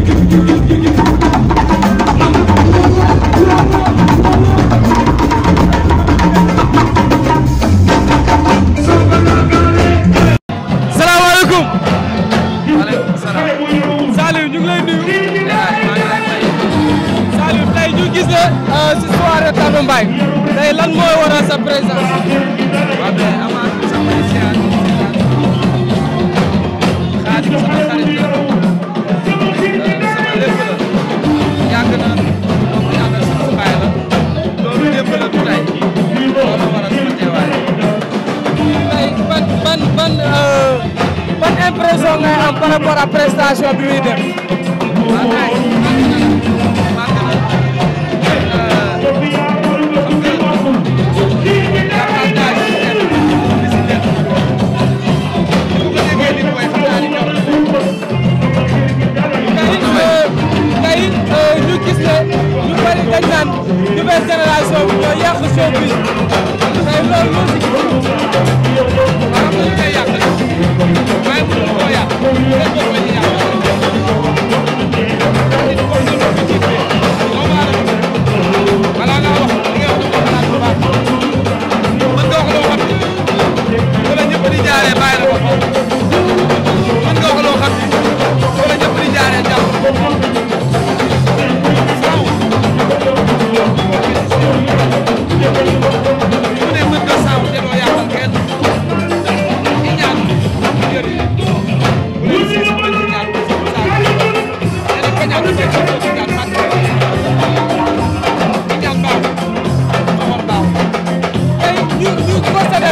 Saliou tey ñu gis ne ci euh, soirée Tando Mbaye tey lan mooy waral sa présence. réaction ngay am par rapport à prestation bi muy def. Euh, euh, ñu gis ne ñu bëri dañ naan nouvelle génération bi ñoo yàq showbiz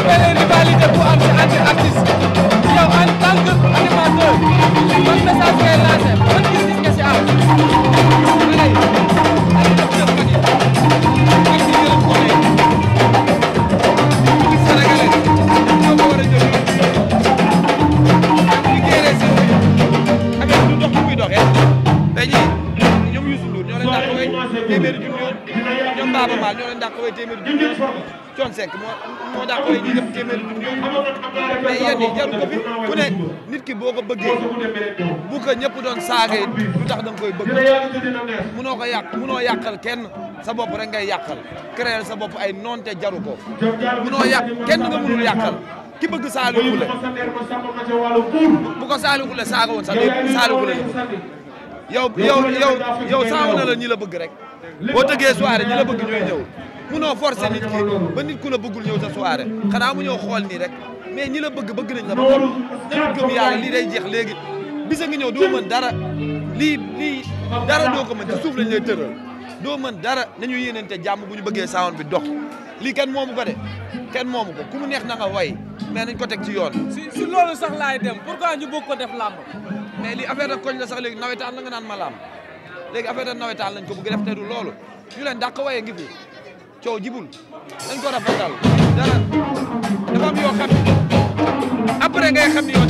très belle rivalité bu am ci entre artistes yow en tant que animateur ban message ngay lancé ban gis-gis nga ci am. Thank you. dàq way téeméeri junni yoon ñoom Baaba Maal ñoo leen dàq way téeméeri junni yoon moo moo dàq way ñu def téeméeri junni fi ku nit ki boo ko bëggee bu ko ñëpp doon saaga yi lu tax da nga bëgg munoo ko kenn sa bopp rek ngay yàqal ay noonte jaru munoo yàq kenn nga munul yàqal ki bëgg Saliou Khoulé bu ko Saliou Khoulé saaga woon sax Saliou yow yow yow yow saawu na la ñi la bëgg rek boo tëggee soirée ñi la bëgg ñooy ñëw munoo forcer nit ki ba nit ku la bëggul ñëw sa soirée xanaa mu ñëw xool nii rek mais ñi la bëgg bëgg nañ la ba pare nañu gëm yàlla lii day jeex léegi bisa nga ñëw doo mën dara lii lii dara doo ko mën ci suuf lañ lay tëral doo mën dara nañu te jàmm bu ñu bëggee saawoon bi dox lii kenn moomu ko de kenn moomu ko ku mu neex na nga way mais nañ ko teg ci yoon. si si loolu sax laay dem pourquoi ñu bëgg ko def làmb. mais li affaire de koñ la sax léegi nawetaan la nga naan malaam léegi affaire de nawetaan lañ ko bëgg def te du loolu ñu leen dàq waye ngi fi coow jibul dañ ko rafetal dara dafa am yoo xam ne après ngay xam